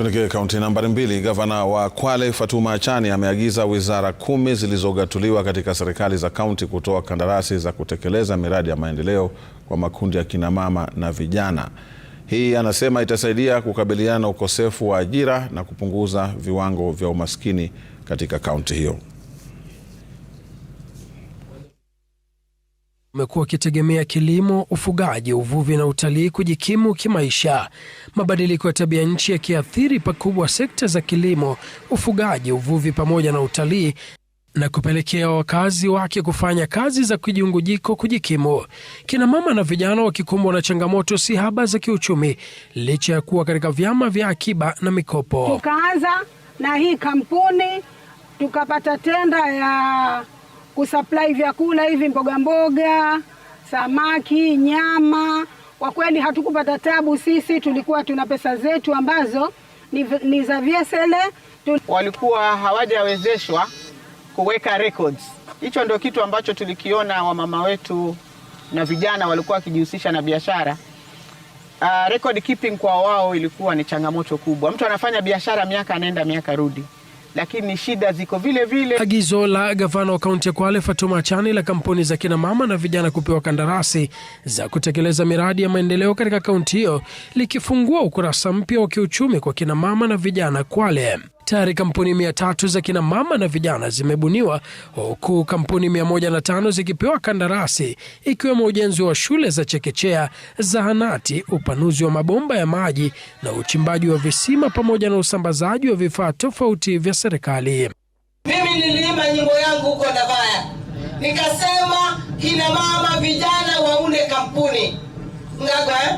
Tuelekee kaunti nambari mbili. Gavana wa Kwale Fatuma Achani ameagiza wizara kumi zilizogatuliwa katika serikali za kaunti kutoa kandarasi za kutekeleza miradi ya maendeleo kwa makundi ya kinamama na vijana. Hii anasema itasaidia kukabiliana na ukosefu wa ajira na kupunguza viwango vya umaskini katika kaunti hiyo. umekuwa ukitegemea kilimo, ufugaji, uvuvi na utalii kujikimu kimaisha. Mabadiliko ya tabia nchi yakiathiri pakubwa sekta za kilimo, ufugaji, uvuvi pamoja na utalii na kupelekea wakazi wake kufanya kazi za kijungujiko kujikimu. Kina mama na vijana wakikumbwa na changamoto si haba za kiuchumi, licha ya kuwa katika vyama vya akiba na mikopo. Tukaanza na hii kampuni tukapata tenda ya kusupply vyakula hivi, mboga mboga, samaki, nyama. Kwa kweli hatukupata tabu sisi, tulikuwa tuna pesa zetu ambazo ni, ni za vyesele tu... walikuwa hawajawezeshwa kuweka records. Hicho ndio kitu ambacho tulikiona wamama wetu na vijana walikuwa wakijihusisha na biashara. Uh, record keeping kwa wao ilikuwa ni changamoto kubwa. Mtu anafanya biashara miaka anaenda miaka rudi lakini shida ziko vile vile. Agizo la gavana wa kaunti ya Kwale Fatuma Achani la kampuni za kina mama na vijana kupewa kandarasi za kutekeleza miradi ya maendeleo katika kaunti hiyo likifungua ukurasa mpya wa kiuchumi kwa kina mama na vijana Kwale. Tayari kampuni mia tatu za kina mama na vijana zimebuniwa huku kampuni mia moja na tano zikipewa kandarasi ikiwemo ujenzi wa shule za chekechea, zahanati, upanuzi wa mabomba ya maji na uchimbaji wa visima pamoja na usambazaji wa vifaa tofauti vya serikali. Mimi niliimba nyimbo yangu huko Davaya, nikasema kina mama vijana waunde kampuni Ngagwa, eh?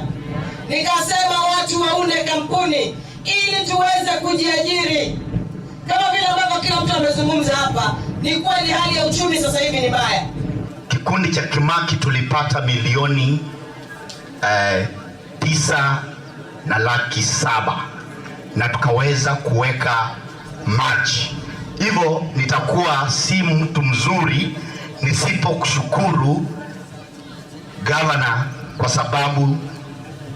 nikasema watu waunde kampuni ili tuweze kujiajiri kama vile ambavyo kila mtu amezungumza hapa. Ni kweli hali ya uchumi sasa hivi ni mbaya. Kikundi cha Kimaki tulipata milioni eh, tisa na laki saba na tukaweza kuweka maji. Hivyo nitakuwa si mtu mzuri nisipokushukuru gavana kwa sababu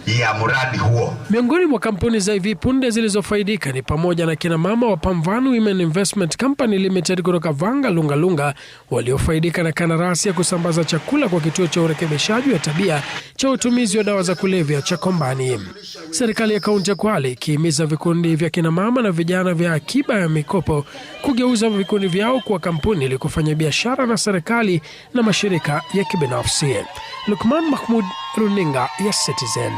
ya mradi huo. Miongoni mwa kampuni za hivi punde zilizofaidika ni pamoja na kina mama wa Pamvanu Women Investment Company Limited kutoka Vanga Lungalunga waliofaidika na kandarasi ya kusambaza chakula kwa kituo cha urekebishaji wa tabia cha utumizi wa dawa za kulevya cha Kombani. Serikali ya kaunti ya Kwale ikihimiza vikundi vya kina mama na vijana vya akiba ya mikopo kugeuza vikundi vyao kuwa kampuni ili kufanya biashara na serikali na mashirika ya kibinafsi. Lukman Mahmud runinga ya Citizen.